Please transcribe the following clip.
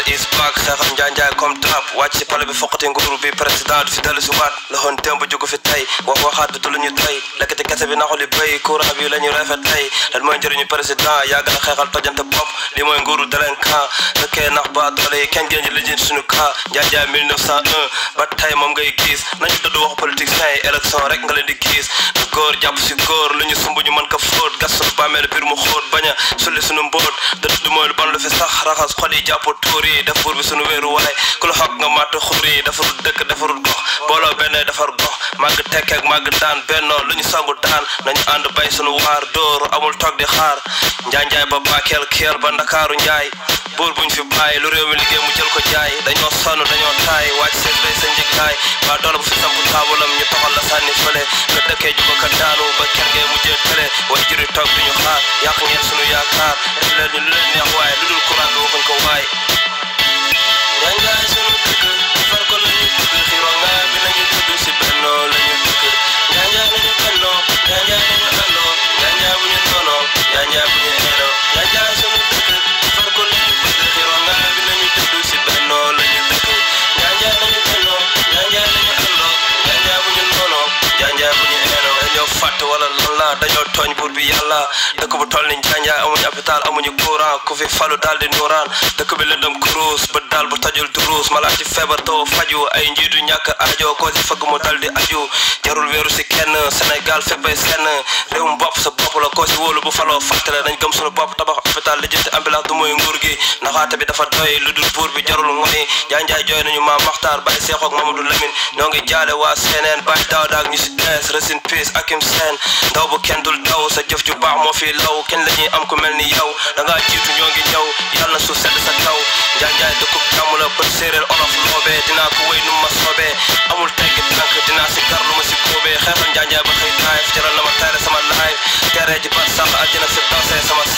Dakar is back xeexam njaanjaay comme trap wàcc si pale bi foqati nguur bi président du fi dellu si waat la xoon démb fi tey wax waxaat bi du lu ñu doy lekkati kese bi naxuli béy courant bi la ñu rafet tey lan mooy président yàgg na xeexal tojante bopp li nax ba doole yi kenn gën ñu suñu cas njaanjaay ba tey moom ngay gis nañu dëdd wax politique say élection rek nga leen di gis góor jàpp si góor lu ñu sumb ñu mën fóot gas a sax raxas xol yi jàpp tuur yi def bi sunu wéeru waay ku la xoog nga màtt xuur yi defarul dëkk defarul gox booloo benn defar gox màgg tekkeeg màgg daan bennoo lu ñu sangu daan nañu ànd bay sunu waar dóor amul toog di xaar njaanjaay ba baakeel keel ba ndakaaru njaay buur buñ fi bàyyi lu réew mi liggéey mu jël ko jaay dañoo sonn dañoo taay wàcc seen day sa njëkkaay ba doole bu fi samp taabalam ñu toxal la sànni fële nga dëkkee juba ka daanu ba ker ngay mujjee tële way juri toog duñu xaar Kurang gue mengkau baik Yang buur bi yàlla dëkk bu toll ni njanjaay amuñu hôpital amuñu courant ku fi falu daal di nuuraan dëkk bi lëndëm kuruus bët daal bu tajul duruus malaa ci feebar too faju ay njiitu ñàkk aajo koo si fëgg mu dal di aju jarul wéeru si kenn Sénégal féppay senn réewum bopp sa bopp la koo si wóolu bu faloo fàttale nañ gëm suñu bopp tabax hôpital lijjanti ambulance du mooy nguur gi naxaate bi dafa doy lu dul buur bi jarul ngoni njanjaay jooy nañu maam Maxtaar Baye Seex ak Mamadou Lamine ñoo ngi waa jëf ju moo fi law kenn la ñuy am ku mel ni yow da ngaa jiitu ñoo ngi ñëw yàlla na suuf sedd sa kaw njaay njaay dëkkub jàmm la pël séeréer olof loobee dinaa ko wéy nu ma soobee amul teggi tànk dinaa si kar lu ma si kóobee xeexal njaay ba xëy daayef jaral na ma tayre sama laayef teere ji bat sàll àjjana si dansee sama